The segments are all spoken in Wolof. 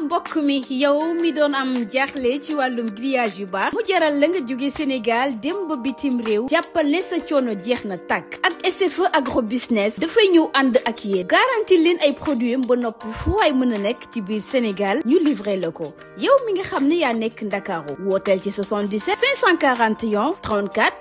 mbokk mi yow mi doon am jaaxle ci wàllum grillage yu baax mu jaral la nga jóge Sénégal dem ba bitim réew jàppale sa coono jeex na tàkk ak SFE agro business dafay ñëw ànd ak yéen garanti leen ay produit am ba nopp fu waay mën a nekk ci biir Sénégal ñu livré la ko yow mi nga xam ne yaa nekk Ndakaaru wooteel ci 77 541 34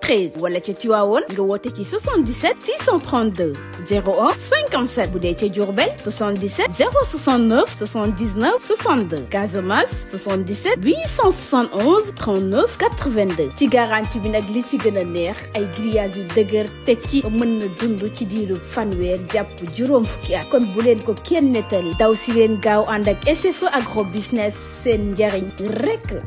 13 wala ca Tiwaawoon nga woote ci 77 632 01 57 bu dee ca Diourbel 77 069 79. 59 62 Casamance 77 871 39 82 ci garantie bi nag li ci gën a neex ay grillage yu dëgër ci mën na dund ci diiru fanweer jàpp juróom fukki at kon bu leen ko kenn nettali daw si leen gaaw ànd ak SFE agro business seen njariñ rek la.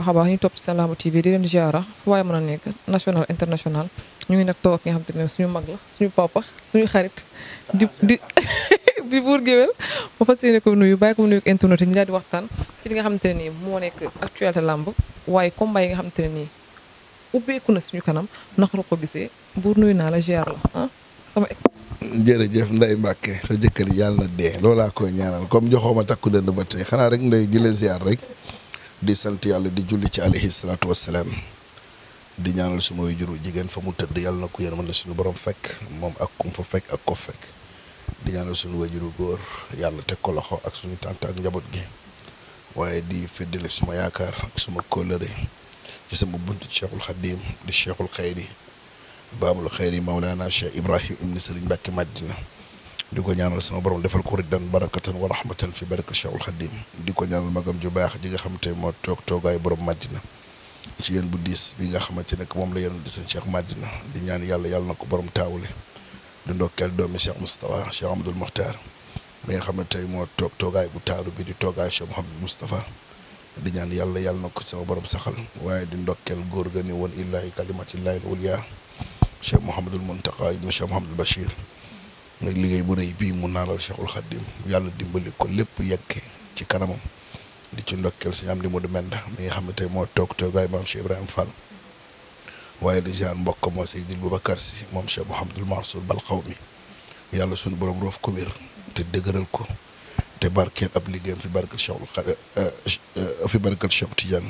baax a baax ñu topp Sen Lamb TV di leen ziara waaye mën a nekk national international ñu ngi nag toog ak nga xam te ne suñu mag la suñu papa suñu xarit di di bi buur géwél ma fas yéene ko nuyu bàyyi ko mu nuyu internet ñu daal di waxtaan ci li nga xam te ne nii moo nekk actualité làmb waaye combat yi nga xam te ne nii ubbeeku na suñu kanam naka la ko gisee buur nuyu naa la ziar la ah sama ex jërëjëf nday Mbàkke sa jëkkër yàlla na dee loolaa koy ñaanal comme ma takku dënd ba tey xanaa rek nday la ziar rek di sant yàlla di julli ci alayhi salaatu wassalaam di ñaanal suma waajuru jigéen fa mu tëdd yàlla na ko yërmande suñu borom fekk moom ak kum fa fekk ak ko fekk di ñaanal suñu waajuru góor yàlla teg ko loxo ak suñu tànt ak njaboot gi waaye di feddali suma yaakaar ak suma kóllëre ci sama bunt cheikhul xadim di cheikhul xayri baabul xayri mawlaana cheikh ibrahim ibni sëriñ mbàkke madina di ko ñaanal sama borom defal ko riddan barakatan wa rahmatan fi barakat Cheikhul Khadim di ko ñaanal magam ju baax ji nga xam te moo toog toogaay borom Madina ci yéen bu diis bi nga xamante ne moom la yéen di seen Cheikh Madina di ñaan yàlla yàlla na ko borom taawule di ndokkeel doomi Cheikh Moustapha Cheikh Amadou Mokhtar mi nga xam ne tey moo toog toogaay bu taaru bi di toogaay Cheikh Mouhamadou di ñaan yàlla yàlla na ko sama borom saxal waaye di ndokkeel góor ga ni woon illaahi kalimatillahi ulyaa Cheikh Mouhamadul Muntaqa ibnu Cheikh Mouhamadul Bachir nga liggéey bu rëy bii mu naalal Cheikhul Khadim yàlla dimbali ko lépp yekke ci kanamam di ci ndokkeel sëñ Amdi Modou Menda mi nga xam ne moo toog toogaay maam Cheikh Ibrahima Fall waaye di ziar mbokk moo Seydil Boubacar si moom Cheikh Mouhamadul bal xaw mi yàlla suñu borom roof ko te dëgëral ko te barkeel ab liggéeyam fi barkeel Cheikhul Khadim euh, euh, fi barkeel Cheikh Tidiane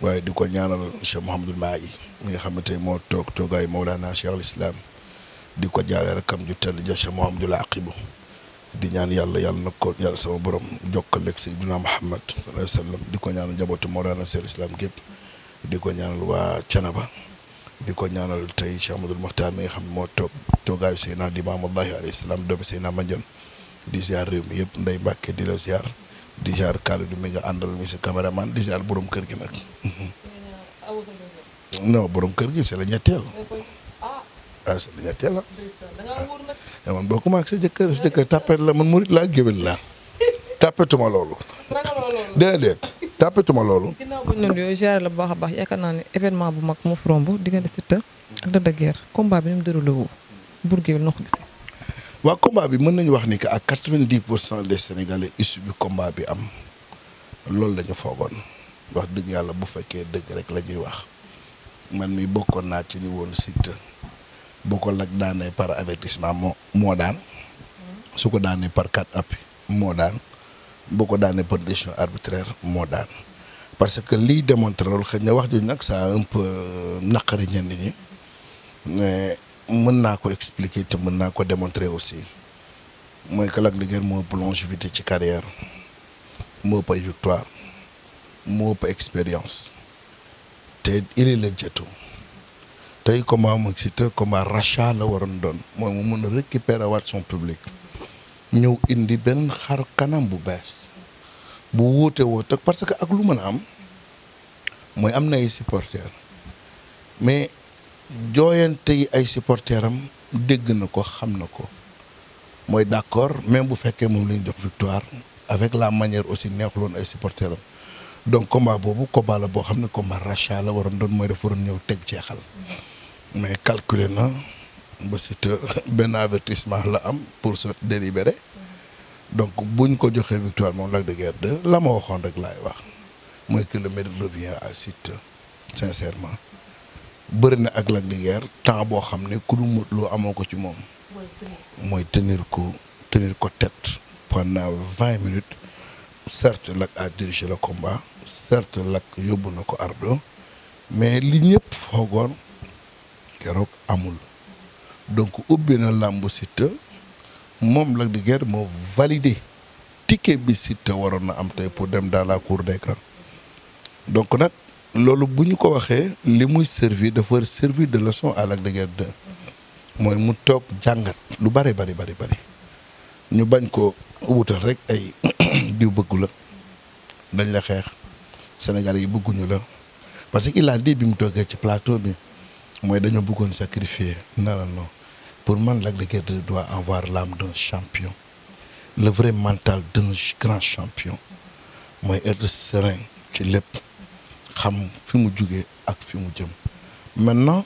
waaye di ko ñaanal Cheikh Mouhamadul Mahi mi nga xam ne moo toog toogaay Mawlana Cheikh al Islam di ko jaar jaale rakam ju tedd ja Cheikh Mouhamadul Aqibu di ñaan yàlla yàlla na ko yàlla sama borom jokkaleeg Seydina Muhammad sallallahu alayhi wa di ko ñaanal njabootu Mawlana Seydou Islam gépp di ko ñaanal waa Canaba di ko ñaanal tey Cheikh Amadou Mokhtar mi nga xam moo toog toogaayu Seydina di Imaamullahi alayhi salaam doomi Seydina Mandione di ziar réew mi yëpp Ndeye Mbacke di la ziar di ziar Kalidou mi nga àndal mi sa caméraman di ziar borom kër gi nag. non borom kër gi c'est la ñetteel. ah sa dañuy teel a. ah man bokkuma ak sa jëkkër sa jëkkër tapet la man murit laa géwél laa tapetuma loolu. déedéet tapetuma loolu. bu ñu yooyu ziar la bu baax a baax yaakaar naa ni événement bu mag moo fi romb diggante Siteu ak Lac de Guiers combat bi ni mu déroulé wu Bour Gueweul noo ko gisee. waaw bi mën nañu wax ni que ak quatre-vingt-dix pour cent des sénégalais issus bi combat bi am loolu la foogoon wax dëgg yàlla bu fekkee dëgg rek la ñuy wax man mi bokkoon naa ci ni woon Siteu ko ak daanee par avertissement moo moo daan su ko daanee par quatre appuis moo daan boo ko daanee par décision arbitraire moo daan parce que lii démontré loolu xëy na wax ju nag ça un peu euh, naqari ñenn ñi mais mën naa ko expliquer te mën naa ko démontrer aussi mooy que Lac de Guiers moo ëpp longévité ci carrière moo ëpp victoire moo ëpp expérience te il est le tey combat moom Siteu combat rachat la waroon doon mooy mu mën a récupérer waat son public ñëw indi benn xaru kanam bu bees bu wuute teg parce que ak lu mën a am mooy am na ay supporters mais jooyante yi ay supporters am dégg na ko xam na ko mooy d'accord même bu fekkee moom la ñu jox victoire avec la manière aussi neexuloon ay supporters am donc combat boobu combat la boo xam ne combat rachat la waroon doon mooy dafa waroon ñëw teg ceexal mais calculer na ba Siteu benn avertissement la am pour se délibérer donc buñ ko joxee victoire moom Lac de Guiers 2 la ma waxoon rek laay wax mooy que le mérite revient à Siteu sincèrement bëri na ak Lac de Guiers temps boo xam ne ku du mut loo amoo ko ci moom mooy tenir ko tenir ko tête pendant vingt minutes certes Lac a dirigé le combat certes Lac yóbbu na ko ardo mais li ñëpp foogoon keroog amul donc ubbi na làmb Siteu moom Lac de Guiers moo validé ticket bi Siteu waroon na am tey pour dem dans la cour des grands donc nag loolu bu ñu ko waxee li muy servi dafa servir de leçon à Lac de Guiers mooy mu toog jàngat lu bari bari bari bari ñu bañ ko wutal rek ay diw bëggu la dañ la xeex Sénégal yi bëgguñu la parce que il a dit bi mu toogee ci plateau bi mooy dañoo buggoon sacrifier non non pour man Lac de Guiers 2 doit avoir l'âme d'un champion le vrai mental d'un grand champion mooy être serein ci lépp xam fi mu jugee ak fi mu jëm maintenant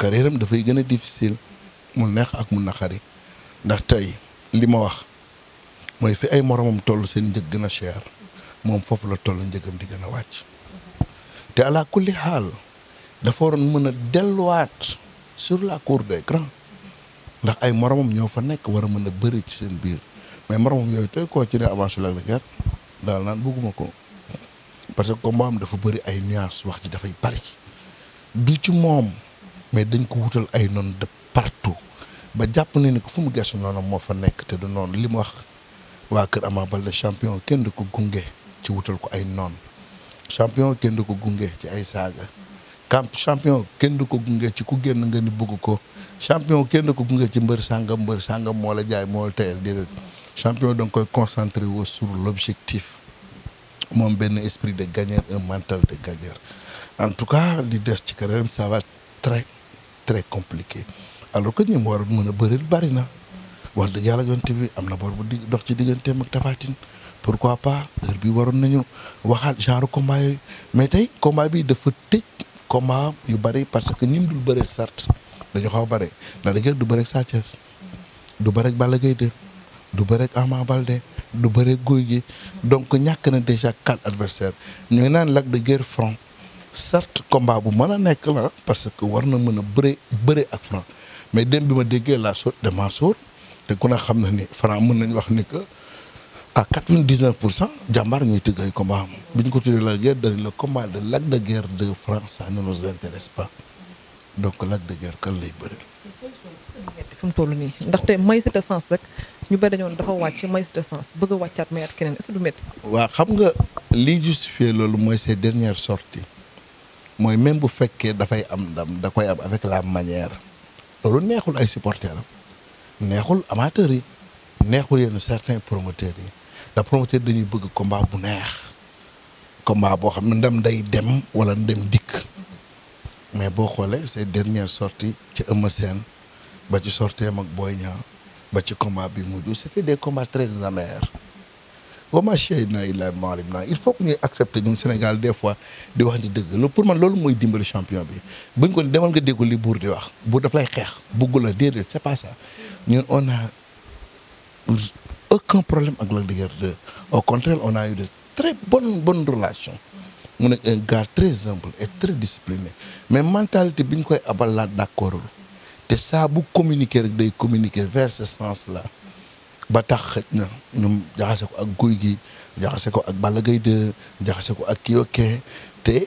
carrière dafay gën a difficile mu neex ak mu naqari ndax tey li ma wax mooy fi ay moromam toll seen njëg gën a cher moom foofu la toll njëgam di gën a wàcc te ala kulli xaal dafa waroon mën a delluwaat sur la cour des grands ndax ay moromam ñoo fa nekk war a mën a bëri ci seen biir mais moromam yooyu tey koo ci ne avancé la guerre daal naan bëgguma ko parce que combat am dafa bëri ay nuances wax ji dafay bari du ci moom mais dañ ko wutal ay noon de partout ba jàpp ne ni ko fu mu gesu noonu moo fa nekk te du noonu li mu wax waa kër Ama Baldé champion kenn du ko gunge ci wutal ko ay noon champion kenn du ko gunge ci ay saaga champion kenn du ko gunge ci ku génn nga ni bëgg ko champion kenn du ko gunge ci mbër sàngam mbër sàngam moo la jaay moo la teyal déedéet champion da nga koy concentré wu sur l'objectif moom benn esprit de gagnant un mental de gagnant en tout cas li des ci carrière sa va très très compliqué alors que ñi mu war a mën a bëril bari na wax dëgg yàlla yonte bi am na bor bu di dox ci digganteem ak tafaatin pourquoi pas heure bi waroon nañu waxaat genre combat mais tey combat bi dafa combat yu bëri parce que ñun dul bëre sart dañu xaw a bëri ndax du bëre ak Sa du bëre ak Balla du bëre ak Ama du bëre goy gi Gui donc ñàkk na déjà quatre adversaires ñu ngi naan Lac de Guiers Franc certes combat bu mën a nekk la parce que war na mën a bëre bëre ak Franc mais dem bi ma déggee laa sóot damaa sóot te ku ne xam na ni Franc mën nañ wax ni que à quatre vingt dix neuf pour cent jàmbaar ñuy tëgg ay combat am bi ñu ko tuddee la guerre de le combat de Lac de Guiers de France ça ne nous intéresse pas donc Lac de Guiers kan lay bëri. fi mu toll nii ndaxte may si te sens rek ñu bëri dañoon dafa wàcc may si te sens bëgg a wàccaat mayaat keneen est-ce que du métti. waaw xam nga liy justifier loolu mooy ses dernières sorti mooy même bu fekkee dafay am ndam da koy am avec la manière loolu neexul ay supporters am neexul amateurs yi neexul yenn certains promoteurs yi. ndax promoteur dañuy bëgg combat bu neex combat boo xam ne ndam day dem wala ndem dikk mais boo xoolee ces dernières sorties ci Eumeu Sène ba ci sorteem ak booy Niang ba ci combat bi mu mujj c'était des combats très amers wama chey na illa maalim na il faut que ñuy accepter ñun Sénégal des fois di wax di dëgg loolu pour man loolu mooy dimbali champion bi bañ ko demal nga déggul li buur di wax buur daf lay xeex bugg la déedéet c'est pas ça ñun on a aucun problème avec Lac de Guiers 2 au contraire on a eu de très bonnes bonnes relations mu ne un gars très humble et très discipliné mais mentalité bi ñu koy abal laa d'accord te saabu bu rek day communiquer vers ce sens la ba tax xëj na jaxase ko ak guy gi jaxase ko ak Balla Gaye 2 jaxase ko ak Kioké te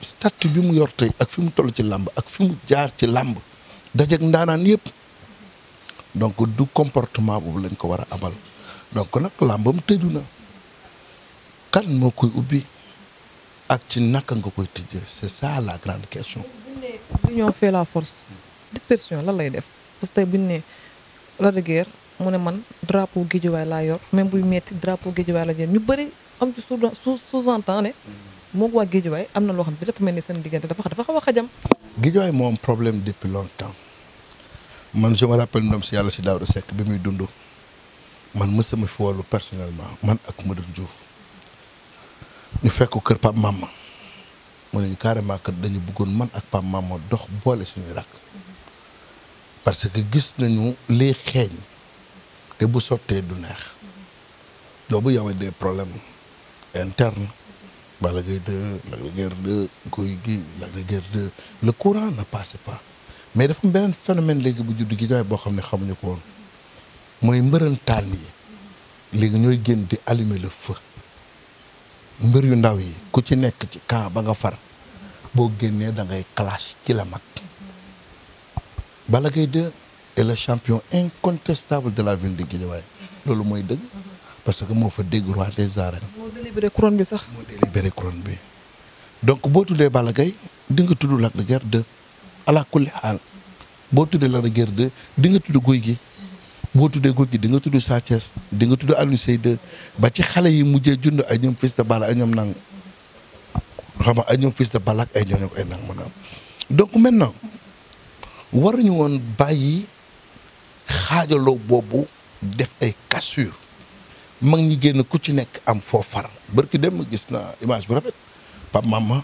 statut bi mu yor tey ak fi mu toll ci làmb ak fi mu jaar ci làmb daje ndaanaan yëpp donc du comportement boobu lañ ko war a abal donc nag làmbam tëju na kan moo koy ubbi ak ci naka nga koy tëjee c'est ça la grande question. bu ñu fait la force dispersion lan lay def parce que tey bu la de mu ne man drapeau Guédiawaye laa yor mais buy metti drapeau Guédiawaye la jël ñu bëri am ci sous sous-entend ne moo ko waa Guédiawaye am na loo xam ne mel ni seen diggante dafa dafa xaw a xajam. Guédiawaye moo am problème depuis longtemps man je me rappelle ndam si yàlla si Daouda Seck bi muy dundu man mësa ma fi wolu personnellement man ak Modou Diouf ñu fekk kër Pape Mama mu ne ñu carrément kër dañu bëggoon man ak Pape Mama dox boole suñuy rakk parce que gis nañu lii xeeñ te bu sottee du neex doobu yow des problèmes internes Balla Gaye 2 Lac de Guiers 2 Gouye Gui Lac de Guiers 2 le courant ne passe pas mais dafa am beneen phénomène léegi bu judd gi jaay boo xam ne xamuñu ko woon mooy mbërëntaan yi léegi ñooy génn di allumer le feu mbër yu ndaw yi ku ci nekk ci camp ba nga far boo génnee da ngay clash ci la mag Balla Gaye 2 est champion incontestable de la ville de Guédiawaye loolu mooy dëgg parce que moo fa dégg roi des arènes. bi sax. moo délibéré bi donc boo tuddee Balla Gaye tudd Lac de Guiers kulli xaal boo tuddee Lac de Guiers tudd guy gi boo tuddee góor gi di nga tudd Sa Thiès di nga tudd Alioune Seye ba ci xale yi mujjee jund ay ñoom fils de ay ñoom nangu xam nga ay ñoom fils de Balla ay ñooñu ay nangu maanaam donc maintenant waruñu woon bàyyi xaajaloo boobu def ay cassure mag ñi génn ku ci nekk am foo far barki dem gis na image bu rafet Pape Mama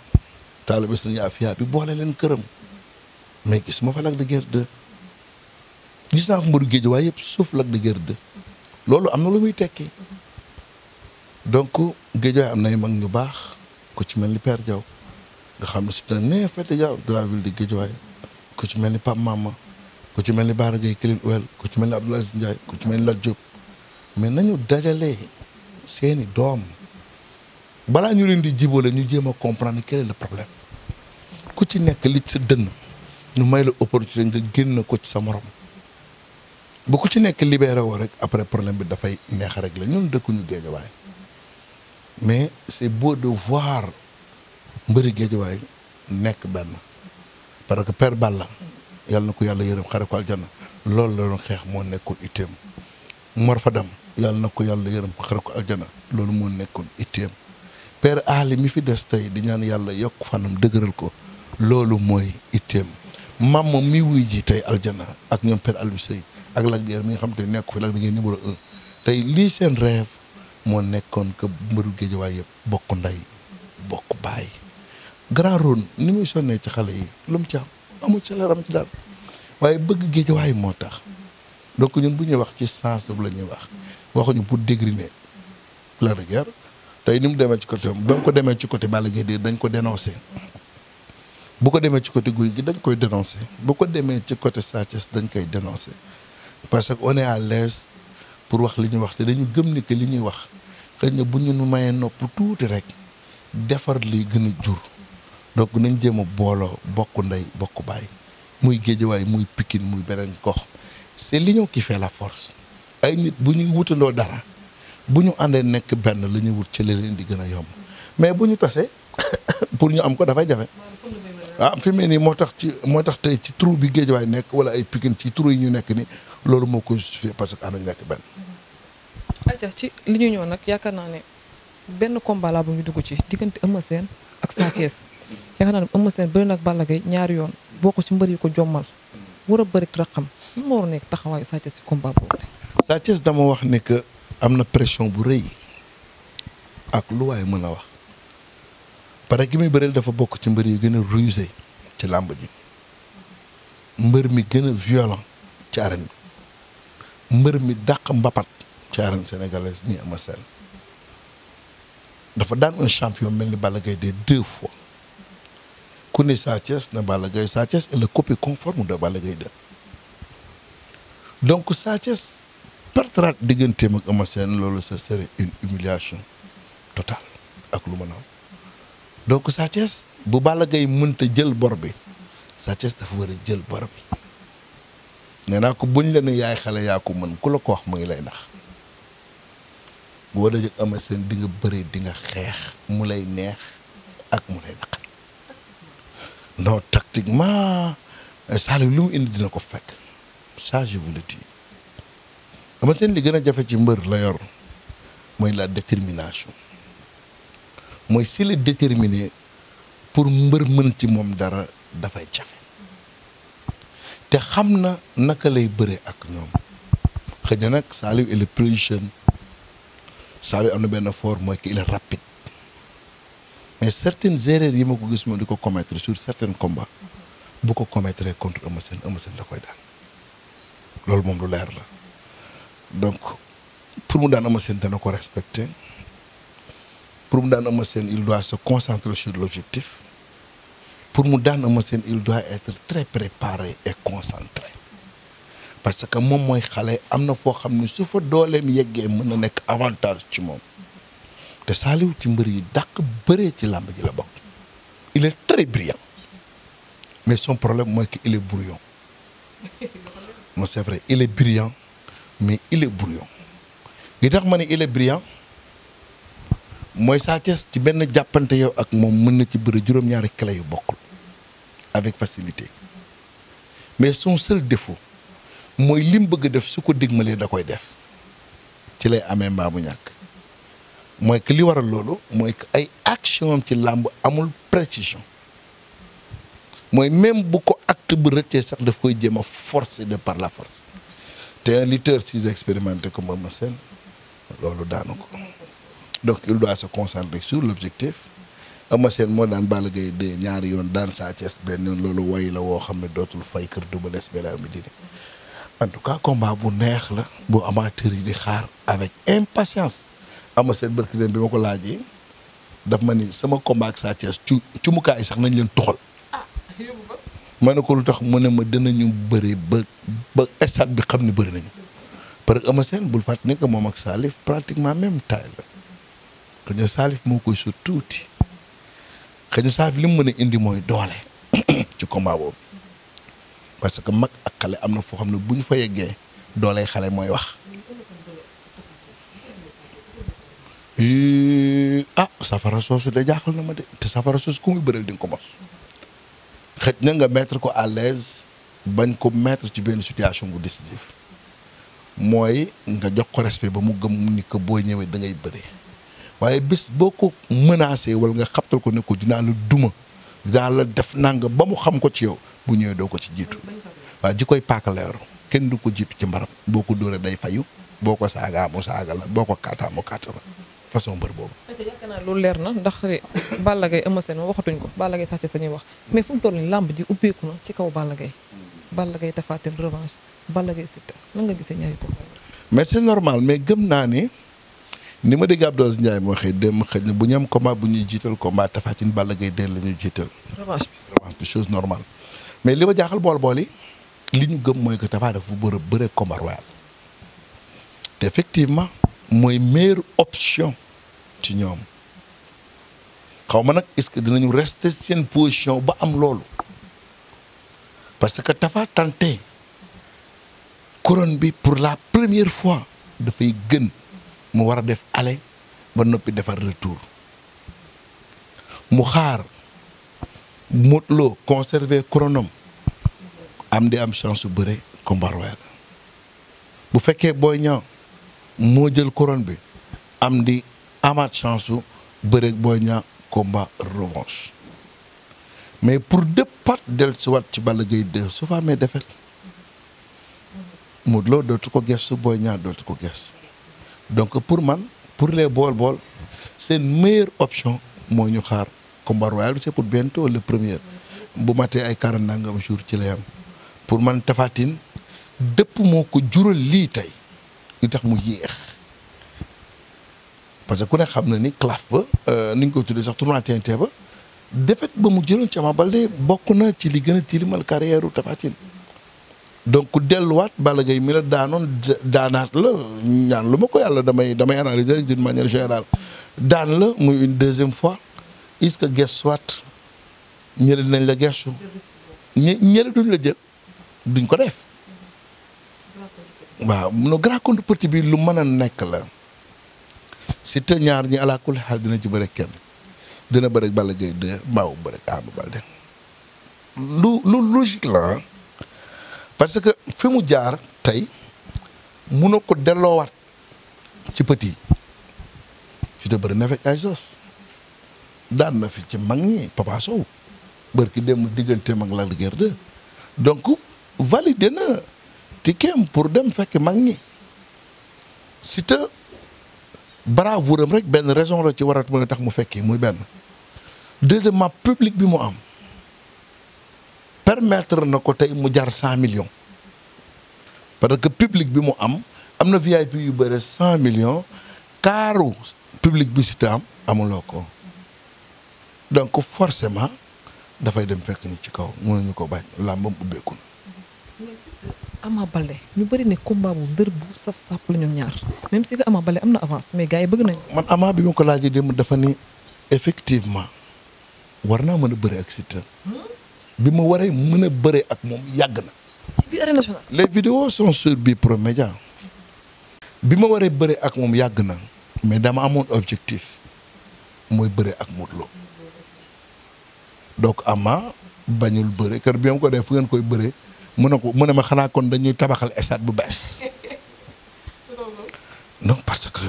taalibe Sëriñ Afia bi boole leen këram mais gis ma fa Lac de Guiers gis naa ko géej waaye yëpp suuf Lac de Guiers 2 loolu am na lu muy tekki donc géej waaye am nay mag ñu baax ku ci mel ni per Diaw nga xam ne c'est un effet Diaw di la ville de Guédiawaye ku ci mel ni Pape Mama ku ci mel ni Bara Gueye Kilin Ouel ku ci mel ni Abdoulaye Ndiaye ku ci mel ni la Diop mais nañu dajalee seeni doom balaa ñu leen di jiboole ñu jéem a comprendre quel est le problème ku ci nekk li ci sa dënn ñu may la opportunité nga génn ko ci sa morom bu ku ci nekk libéré woo rek après problème bi dafay neex rek la ñun dëkkuñu géejawaay mais c'est beau de voir mbëri géejawaay nekk benn parce que Père Balla yàlla na ko yàlla yërëm xare ko aljana loolu la doon xeex moo nekkoon itteem Mor Fadam yàlla na ko yàlla yërëm xare ko aljana loolu moo nekkoon itteem Père Ali mi fi des tey di ñaan yàlla yokk fanam dëgëral ko loolu mooy itteem maam mi wuy ji tey aljana ak ñoom Père Aliou Seye ak Lac Guiers mi nga xam te nekk fi Lac de Guiers numéro un tey lii seen rêve moo nekkoon que mbëru Géejawaay yëpp bokk ndey bokk baay Grand ni muy sonnee ci xale yi lu mu ci am amul ci la daal waaye bëgg Géejawaay moo tax donc ñun bu ñuy wax ci sens la ñuy wax waxuñu pour dégriner Lac de tey ni mu demee ci côté ba mu ko demee ci côté Balla Gaye dañ ko dénoncé bu ko demee ci côté Gouye Gui dañ koy dénoncé bu ko demee ci côté Sa dañ koy dénoncé parce que on est pour wax li ñuy wax te dañu gëm ni que li ñuy wax xëy na bu ñu nu mayee nopp tuuti rek defar li gën a jur donc nañ jéem a booloo bokk ndey bokk baay muy géejawaay muy Pikine muy beneen gox c'est l'union qui fait la force ay nit bu ñuy wutandoo dara bu ñu àndee nekk benn la ñuy wut ci la di gën a yomb mais bu ñu tasee pour ñu am ko dafay jafe ah fi mu nii moo tax ci moo tax tey ci trou bi géej Géejawaay nekk wala ay Pikine ci trou yi ñu nekk nii loolu moo koy justifié parce que am nañu nekk benn. ayca ci li ñu ñëw nag yaakaar naa ne benn combat laa bu ñu dugg ci diggante Eumeu Sène ak Sa Thiès yaakaar naa ne Eumeu nag Balla Gaye ñaari yoon boo ko ci mbër ko jommal war a bëri raxam lan moo war a nekk taxawaayu Sa Thiès ci combat boobu. Sa Thiès dama wax ne am na pression bu rëy ak lu waay mën a wax. pare ki muy bëreel dafa bokk ci mbër yi gën a rusé ci làmb mbër mi gën a violent ci arène mbër mi dàq mbapat ci arène sénégalaise ñi ama seen dafa daan un champion mel ni Balla Gaye de deux fois ku ni Sa na Balla Gaye Sa Thiès est le copie conforme de Balla Gaye 2 donc Sa Thiès pertraat digganteem ak ama seen loolu ça serait une humiliation totale ak lu ma naaw donc Sa Thiès bu bala Gaye mënta jël boro bi Sa Thiès dafa war a jël bor bi nee naa ko buñ la ne yaay xale yaa ko mën ku la ko wax mu ngi lay nax boo dajëg ama seen di nga bëri di nga xeex mu lay neex ak mu lay naqal non tactiquement eh, Saliou lu mu indi dina ko fekk ça je vous le ama seen li gën a jafe ci mbër la yor mooy la détermination mooy si la déterminé pour mbër mën ci moom dara dafay jafe te xam na naka lay bëre ak ñoom xëy na nag Saliou il est plus jeune Saliou am na benn fort mooy que il est mais certaines erreurs yi ma ko gis moom di ko commettre sur certains combats bu ko commettre contre Eumeu Sène Eumeu Sène la koy daan loolu moom lu leer la donc pour mu daan Eumeu Sène dana ko respecter pour mu daan Eumeu Sène il doit se concentrer sur l'objectif pour mu daan Eumeu Sène il doit être très préparé et concentré parce que moom mooy xale am na foo xam ne su fa dooleem yeggee mën na nekk avantage ci moom te Saliou ci mbër yi dàq bëree ci làmb ji la bokk il est très brillant mais son problème mooy que il est brouillon non c'est vrai brillant mais il est brouillon li tax brillant mooy Sa Thiès ci benn jàppante yow ak moom mën na ci bëri juróom-ñaari clé yu bokkul avec facilité mais son seul défaut mooy lim bëgg def su ko digmalee da koy def ci lay amee mbaa bu ñàkk mooy que li waral loolu mooy que ay action ci làmb amul précision mooy même bu ko acte bu rëccee sax daf koy jéem a forcer de par la force te un lutteur si expérimenté ko ma seen loolu daanu ko donc il doit se concentrer sur l'objectif Eumeu Sène moo daan Balla Gaye de ñaari yoon daan Sa Thiès benn yoon loolu way la woo xam ne dootul fay kër Double Less balaa mi dini en tout cas combat bu neex la boo amaa yi di xaar avec impatience Eumeu Sène bërki dem bi ma ko laajee daf ma ni sama combat ak Sa Thiès cu cu sax nañ leen tuxal ah, ma ne ko lu tax mu ne ma dinañu bëri ba ba stade bi xam ne bëri nañu parce que Eumeu Sène bul fàttali ne que moom ak Salif pratiquement même taille xëy na Salif moo koy sut tuuti xëy na li mu mën a indi mooy doole ci combat boobu parce que mag ak xale am na foo xam ne bu ñu fa yeggee doole xale mooy wax. ah safara soosu de jaaxal na ma de te safara soosu ku muy bëreel di nga ko mos. xëj na nga mettre ko à l'aise bañ ko mettre ci benn situation bu décisive mooy nga jox ko respect ba mu gëm ni ko boo ñëwee da ngay bëri. waaye bis boo ko menacé wala nga xabtal ko ne dinaa la duma dinaa la def nang ba mu xam ko ci yow bu ñëwee doo ko ci jiitu waaw ji koy paaka la kenn du ko jiitu ci mbaram boo ko dóoree day fayu boo ko saagaa mu saaga la boo ko kaataa mu kaata la façon mbër boobu. yaakaar loolu leer na ndax Balla Gaye Eumeu Sène waxatuñ ko Balla Gaye sax ci sañuy wax mais fu mu toll nii làmb ji ubbeeku na ci kaw Balla Gaye. Balla Gaye Tapha Tine revanche Balla Gaye la nga gi ñaari mais c'est mais gëm naa ne. ni ma dégg Abdou Aziz Ndiaye moo xëy dem na bu ñu am combat bu ñuy jital combat Tapha Tine Balla Gaye 2 la ñuy jiital. revanche bi chose mais li ma jaaxal bool booli li ñu gëm mooy que Tapha dafa bëre bëre combat royal te effectivement mooy meilleure option ci ñoom xaw ma nag est-ce que dinañu rester seen position ba am loolu parce que Tapha tenté couronne bi pour la première fois dafay gën. mu war a def aller ba noppi defar retour mu xaar Modou conserver chronom am di am chance su bëre combat royal bu fekkee booy Niang moo jël couronne bi am di amaat chance su bëre booy Niang combat revanche mais pour départ dellusiwaat ci Balla Gaye 2 su fa amee defet Modou Lo dootu ko gestu booy Niang dootu ko gestu donc pour man pour les bool-bool seen meilleure option moo ñu xaar combat royal bi c'est pour bientôt le première bu matee ay quarante nangam jour ci lay am pour man Tapha Tine dëpp moo ko jural lii tey li tax mu yéex parce que ku ne xam na ni claf ba euh, ni ñu koy tuddee sax tournoi TNT ba défaite ba mu jëloon ci Ama Baldé bokk na ci li gën a tilimal carrière u Tapha donc delluwaat Balla Gaye mi la daanoon daanaat la ñaan lu ma ko yàlla damay damay analyser rek d'une manière générale daan la muy une deuxième fois est-ce que gestuwaat ñële dinañ la gestu ñe ñële duñ la jël duñ ko def waaw no grand contrepartie bi lu mën a nekk la Siteu ñaar ñi alaakul xaal dina ci bëre kenn dina bëre Balla Gaye de mbaawu bëre Ama Baldé lu lu logique la parce que fi mu jaar tey mun a ko delloowaat ci pët yi ci te bëri na fekk daan na fi ci mag ñi Papa Sow bër ki dem diggante mag Lac de Guiers 2 donc validé na tikem pour dem fekk mag ñi si te bravoure rek benn raison la ci warat mën a tax mu fekkee muy benn deuxièmement public bi mu am permettre na ko tey mu jar cent millions parce que public bi mu am am na VIP yu bëre cent millions kaaru public bi si amuloo ko donc forcément dafay dem fekk ni ci kaw mënuñu ko bañ làmbam ubbeeku na. Ama Baldé ñu bëri ne combat bu dër bu saf sàpp la ñoom ñaar même si que Ama Baldé am na avance mais gars yi bëgg nañ man Ama bi ma ko laaj laajee démb dafa ni effectivement war naa mën a bëri ak Siteu bi ma waree mën a bëree ak moom yàgg na. bi arène nationale. les vidéos sont sur Bprod bi ma waree bëree ak moom yàgg na. mais dama amoon objectif mooy bëree ak Modou Lo donc Ama bañul bëre kër bi ma ko def fu ngeen koy bëree mu ne ko mu ne ma xanaa kon dañuy tabaxal stade bu bees non parce que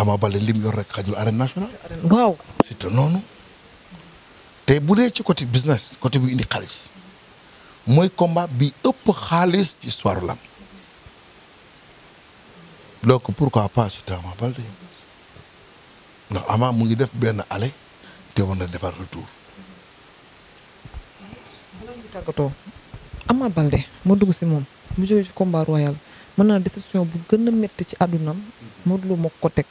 Ama Baldé lim yor rek xajul arène nationale. waaw c'est te bu dee ci côté business côté bu indi xaalis mooy combat bi ëpp xaalis ci histoire lam donc pour pas ci Ama Baldé ndax Ama mu ngi def benn aller te war na defar retour. balaa ñuy tàggatoo moo dugg si moom mu jógee ci combat royal mën naa déception bu gën a ci àddunam Modou Lo moo ko teg.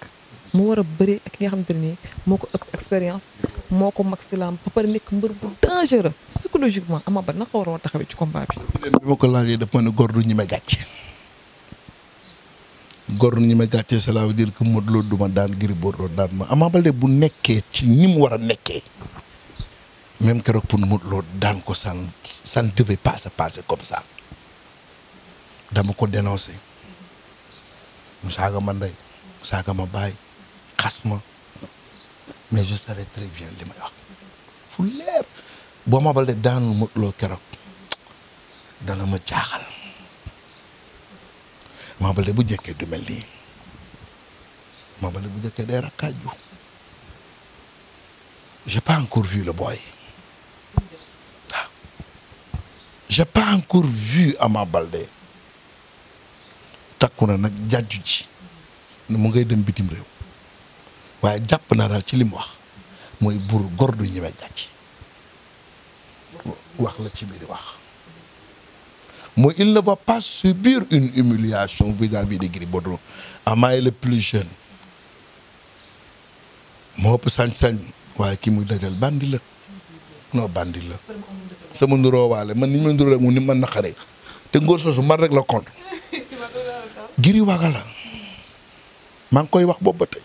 mu war a bëri ak ki nga xamante ne nii moo ko ëpp expérience moo ko mag si laam ba pare nekk mbër bu dangereux psychologiquement Ama ba naka waroon a taxawee ci combat bi. bi ma ko laajee daf ma ne góor du ñi ma gàcce góor ñi ma gàcce cela veut dire que Modou Lo du ma daan Gris Bordeaux daan ma Ama Baldé bu nekkee ci ni mu war a nekkee même keroog pour Modou Lo daan ko ça ça ne devait pas se passer comme ça dama ko dénoncé mu saaga ma ndey saaga ma baay xas ma mais je savais très bien li may fu leer boo ma balee daanu Modou Lo keroog dana ma jaaxal Ama Baldé bu njëkkee du mel nii Ama bu njëkkee day rakkaaju j'ai pas encore vu le boy waaw ah. j'ai pas encore vu Ama Baldé takku nag jàjju ji mu ngay dem bitim réew waaye jàpp naa daal ci li wax mooy buur góor du ñeme gàcc wax la ci biir wax mooy il ne va pas subir une humiliation vis-à-vis de Gris Bordeaux Ama est plus jeune moo ëpp sañ-sañ waaye ki muy dajal bandi la non bandi la sama nuroo waale man ni ma nuroo rek mu ni ma naqaree te ngóor soosu man rek la compte Gris Waga la maa ngi koy wax boobu te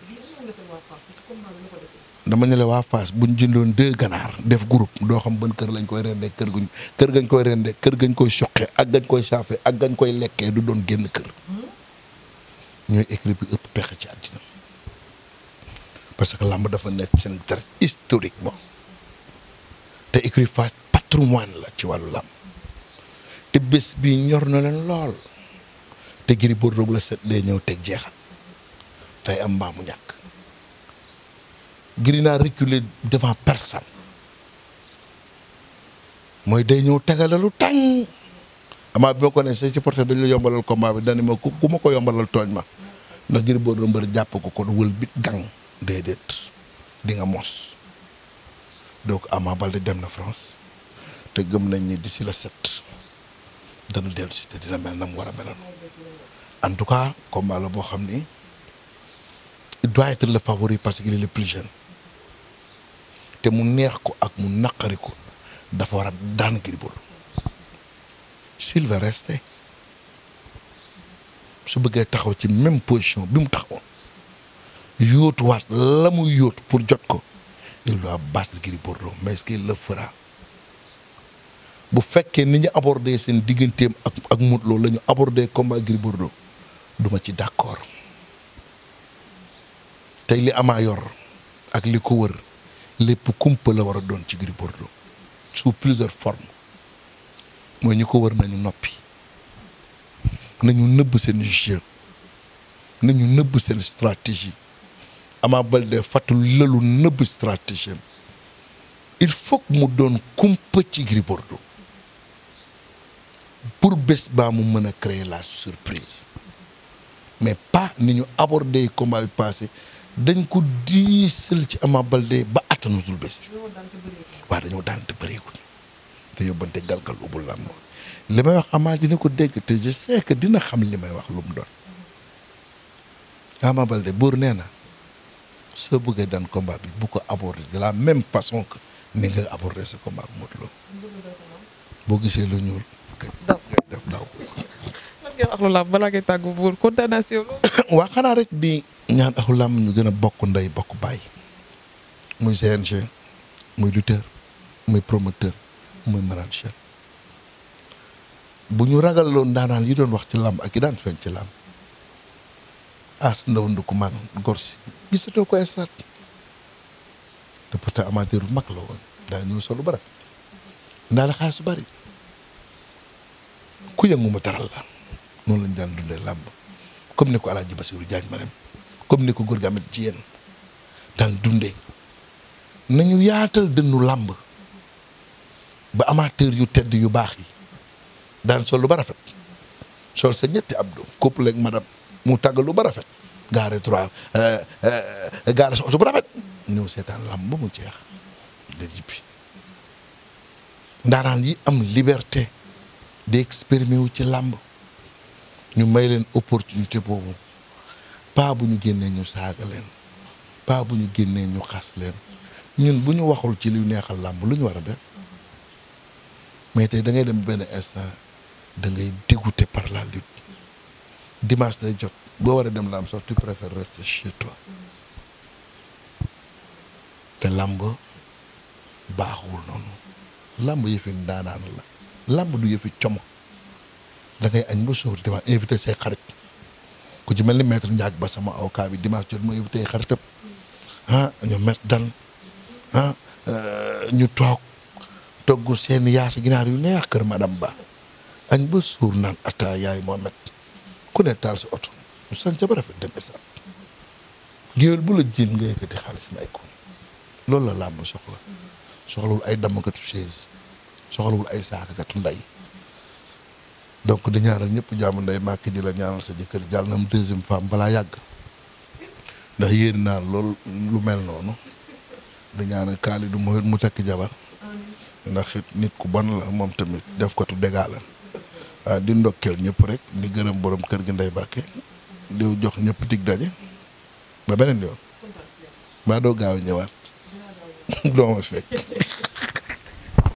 dama ne la waa Fass bu ñu jëndoon deux ganaar def group doo xam ban kër lañ koy rendee kër guñ kër gañ koy rendee kër gañ koy soqee ak gañ koy saafe ak gañ koy lekkee du doon génn kër ñooy écrit bi ëpp pexe ci àddina parce que làmb dafa nekk seen deret historiquement te écrit Fass patrimoine la ci wàllu làmb te bés bi ñor na leen lool te Gris Bordeaux bu la set day ñëw teg jeexal tey am mbaamu ñàkk gir Gris n'a reculé devant personne mooy day ñëw tegalalu tàng amaa bi ma ko ne say supporter dañu la yombalal combat bi dani ma ku ma ko yombalal tooñ ma ndax Gris Bordeaux mbër jàpp ko kon wël bit gang déedéet di nga mos donc Ama Baldé dem na France te gëm nañ ni si le sept dana dellu si te dina mel na mu war a meloon en tout cas combat boo xam ni il doit être le favori parce qu'il est plus jeune te mu neex ko ak mu naqari ko dafa war a daan Gris Bordeaux s'il su bëggee taxaw ci même position bi mu taxawoon yóotuwaat la muy yóotu pour jot ko il doit battre Gris Bordeaux mais est-ce qu'il le bu fekkee ni ñu abordé seen digganteem ak ak Modou lañu la ñu abordé combat Gris duma ci d'accord tey li Ama yor ak li ko wër lépp kumpa la war a doon ci Gris Bordeaux sous plusieurs mooy ñu ko war nañu noppi nañu nëbb seen jeu nañu nëbb seen stratégie Ama Baldé fàttul lëlu nëbb stratégie il faut mu doon kumpa ci Gris pour bés baa mu mën a créer la surprise mais pas ni ñu aborder combat bi passé dañ ko diisal ci Ama Baldé ba attanutul bés bi waaw dañoo daan te bëreeku te yóbbante galgal ubul làmb li may wax Ama ne ko dégg te je sais dina xam li may wax lu mu doon Ama Baldé buur nee na soo bëggee daan combat bi bu ko aborder de la même façon que ni nga aborder sa combat bu boo gisee lu ñuul daw def daw lan waa xanaa rek ñaan axu làmb ñu gën a bokk ndey bokk baay muy CNG muy lutteur muy promoteur muy manager bu ñu ragaloon daanaan yi doon wax ci làmb ak yi daan feeñ ci làmb as ndaw nduku man gor si gisatoo ko estat te pourtant amateur bu mag la woon daa ñëw solo ba rafet ndaa la xaalis su bari ku yëngu mu taral la noonu lañ daan dundee làmb comme ni ko Alaaji Basiru Jaañ ma dem comme ni ko góor gi ci yéen daan dunde nañu yaatal dënnu làmb ba amateur yu tedd yu baax yi daan sol lu ba rafet sol sa ñetti abdo couple ma madame mu tàggal lu ba rafet gaare trois euh, euh, gaare sa oto bu rafet ñëw seetaan làmb ba mu jeex da jippi yi am liberté di exprimer ci làmb ñu may leen opportunité boobu paa bu ñu génnee ñu saaga leen paa bu ñu génnee ñu xas leen ñun bu ñu waxul ci lu neexal làmb lu ñu war a def mais tey da ngay dem benn instant da ngay dégoûté par la lutte dimanche day jot boo war dem la am sorti préfères rester chez te làmb baaxuwul noonu làmb yëfi ndaanaan la làmb du yëfi como dangay añ ba suur di invité say xarit. ku ci mel ni metre Ndiaye ba sama avocat bi dimanche jot ma yóbbu tey xaritam ah ñoom dan ah, euh, ñu toog togg seen yaasa ginaar yu neex kër madame Ba añ ba suur naan atta yaay Mohamed ku ne taal si oto ñu sànca ba rafet dem esat géwél bu la jiin nga yëkkati xaalis may ko loolu la làmb soxla soxlawul ay dammkatu chaise soxlawul ay saakakatu ndey donc di ñaanal ñëpp jàmm nday Màkki di la ñaanal sa jëkkër jàll na am deuxième femme balaa yàgg ndax yéen naa lool lu mel noonu di ñaanal Khalidou mooy mu tekk jabar ndax nit ku bon la moom tamit def ko tu dégaa la waaw ah, di ndokkeel ñëpp rek di gërëm boroom kër gi nday Màkki di jox ñépp dig daje ba beneen yoon mbaa doo gaaw ñëwaat doo ma fekk.